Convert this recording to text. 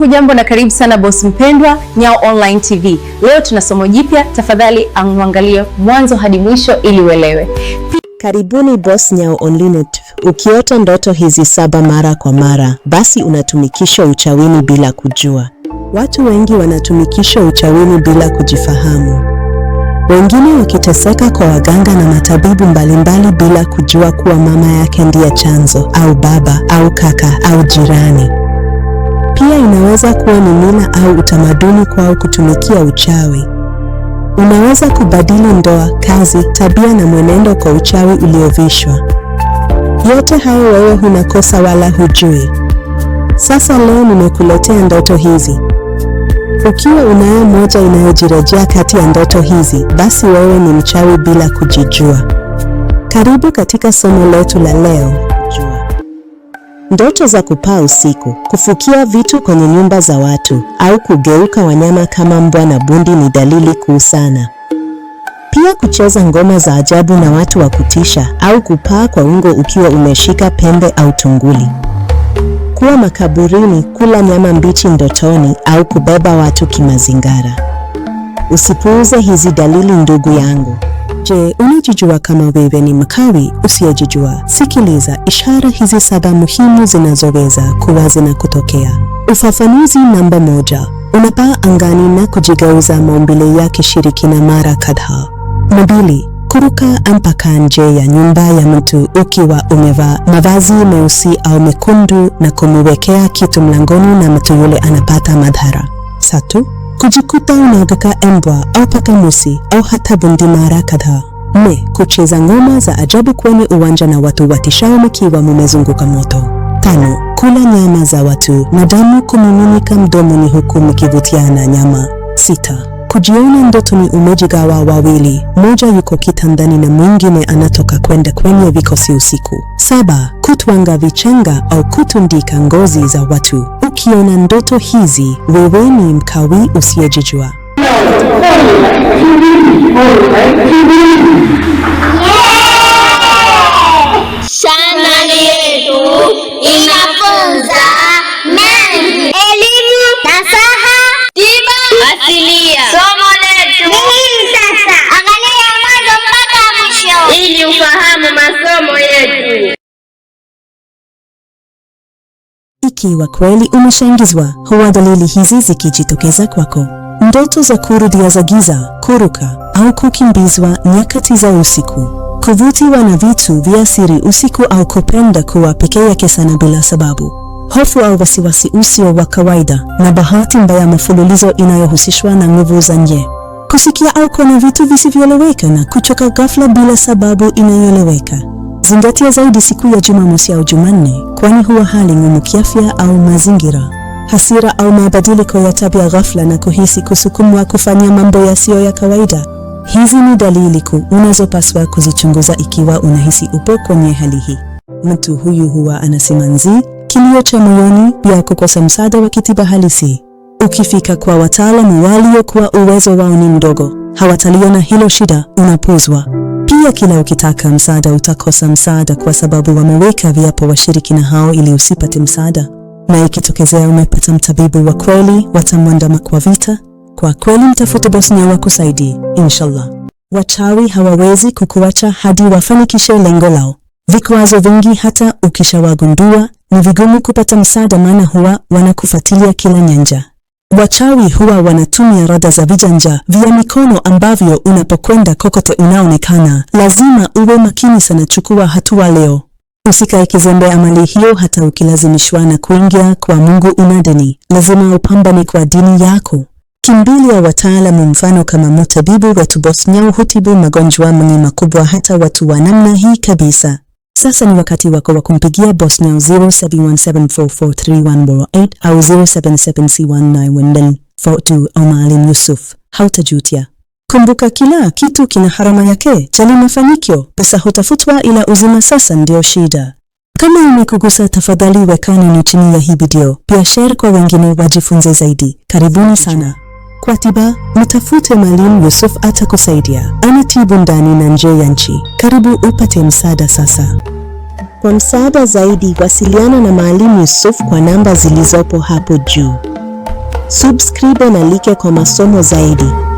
Hujambo na karibu sana bosi mpendwa Nyao Online TV. Leo tuna somo jipya, tafadhali angalia mwanzo hadi mwisho ili uelewe. Karibuni Boss Nyao Online. Ukiota ndoto hizi saba mara kwa mara, basi unatumikishwa uchawini bila kujua. Watu wengi wanatumikishwa uchawini bila kujifahamu, wengine wakiteseka kwa waganga na matabibu mbalimbali bila kujua kuwa mama yake ndiye chanzo au baba au kaka au jirani inaweza kuwa ni mila au utamaduni kwao kutumikia uchawi. Unaweza kubadili ndoa, kazi, tabia na mwenendo kwa uchawi uliovishwa. Yote hayo wewe hunakosa wala hujui. Sasa leo nimekuletea ndoto hizi. Ukiwa unayo moja inayojirejea kati ya ndoto hizi, basi wewe ni mchawi bila kujijua. Karibu katika somo letu la leo. Ndoto za kupaa usiku, kufukia vitu kwenye nyumba za watu au kugeuka wanyama kama mbwa na bundi ni dalili kuu sana. Pia kucheza ngoma za ajabu na watu wa kutisha au kupaa kwa ungo ukiwa umeshika pembe au tunguli. Kuwa makaburini, kula nyama mbichi ndotoni au kubeba watu kimazingara. Usipuuze hizi dalili ndugu yangu. Je, unajijua kama wewe ni mchawi usiyejijua? Sikiliza ishara hizi saba muhimu zinazoweza kuwa zinakutokea. Ufafanuzi namba moja: unapaa angani na kujigeuza maumbile ya kishirikina mara kadhaa. Mbili, kuruka mpaka nje ya nyumba ya mtu ukiwa umevaa mavazi meusi au mekundu na kumwekea kitu mlangoni na mtu yule anapata madhara. Satu, kujikuta unaotaka embwa au paka musi au hata bundi mara kadhaa. me kucheza ngoma za ajabu kwenye uwanja na watu watishao mkiwa mumezunguka moto. Tano, kula nyama za watu na damu kumiminika mdomoni huku mkivutiana nyama. Sita, Kujiona ndoto ni umejigawa wawili, moja yuko kitandani na mwingine anatoka kwenda kwenye vikosi usiku. Saba, kutwanga vichenga au kutundika ngozi za watu. Ukiona ndoto hizi, wewe ni mkawi usiyejijua. ikiwa kweli umeshaingizwa, huwa dalili hizi zikijitokeza kwako: ndoto za kurudia za giza, kuruka au kukimbizwa nyakati za usiku, kuvutiwa na vitu vya siri usiku au kupenda kuwa peke yake sana bila sababu, hofu au wasiwasi usio wa kawaida, na bahati mbaya mafululizo inayohusishwa na nguvu za nje, kusikia au kuona vitu visivyoeleweka na kuchoka ghafla bila sababu inayoeleweka. Zingatia zaidi siku ya Jumamosi au Jumanne, kwani huwa hali ngumu kiafya au mazingira. Hasira au mabadiliko ya tabia ghafla na kuhisi kusukumwa kufanya mambo yasiyo ya kawaida. Hizi ni dalili kuu unazopaswa kuzichunguza ikiwa unahisi upo kwenye hali hii. Mtu huyu huwa ana simanzi, kilio cha moyoni, pia kukosa msaada wa kitiba halisi. Ukifika kwa wataalamu waliokuwa uwezo wao ni mdogo, hawataliona hilo shida, unapuzwa. Fikiria kila ukitaka msaada utakosa msaada, kwa sababu wameweka viapo washiriki na hao ili usipate msaada, na ikitokezea umepata mtabibu wa kweli watamwandama kwa vita. Kwa kweli mtafute Bosnia kusaidi inshallah. Wachawi hawawezi kukuacha hadi wafanikishe lengo lao. Vikwazo vingi, hata ukishawagundua ni vigumu kupata msaada, maana huwa wanakufuatilia kila nyanja. Wachawi huwa wanatumia rada za vijanja vya mikono ambavyo unapokwenda kokote inaonekana Lazima uwe makini sana, chukua hatua leo. Usikae kizembe amali hiyo, hata ukilazimishwa na kuingia kwa Mungu unadeni Lazima upambane kwa dini yako. Kimbilia wataalamu, mfano kama mtabibu wetu Boss Nyau hutibu magonjwa mengi makubwa, hata watu wa namna hii kabisa. Sasa ni wakati wako wa kumpigia boss now 0717443148 au 077C191942 Omar Yusuf. Hautajutia. Kumbuka, kila kitu kina harama yake. Jali mafanikio, pesa hutafutwa, ila uzima sasa ndio shida. Kama imekugusa tafadhali weka neno chini ya hii video, pia share kwa wengine wajifunze zaidi. Karibuni sana. Kwa tiba mtafute Mwalimu Yusuf, atakusaidia. Anatibu ndani na nje ya nchi. Karibu upate msaada sasa. Kwa msaada zaidi, wasiliana na Mwalimu Yusuf kwa namba zilizopo hapo juu. Subscribe na like kwa masomo zaidi.